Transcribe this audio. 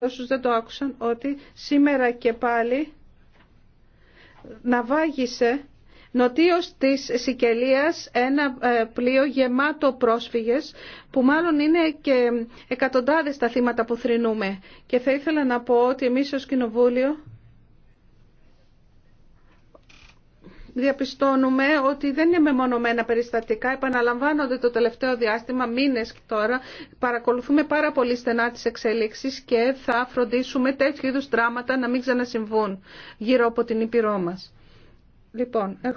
όσους δεν το άκουσαν, ότι σήμερα και πάλι ναυάγησε νοτίως της Σικελίας ένα ε, πλοίο γεμάτο πρόσφυγες που μάλλον είναι και εκατοντάδες τα θύματα που θρυνούμε. Και θα ήθελα να πω ότι εμείς ως Κοινοβούλιο διαπιστώνουμε ότι δεν είναι μεμονωμένα περιστατικά, επαναλαμβάνονται το τελευταίο διάστημα, μήνες τώρα. Παρακολουθούμε πάρα πολύ στενά τις εξελίξεις και θα φροντίσουμε τέτοιου είδου δράματα να μην ξανασυμβούν γύρω από την Ήπειρό μα. Λοιπόν,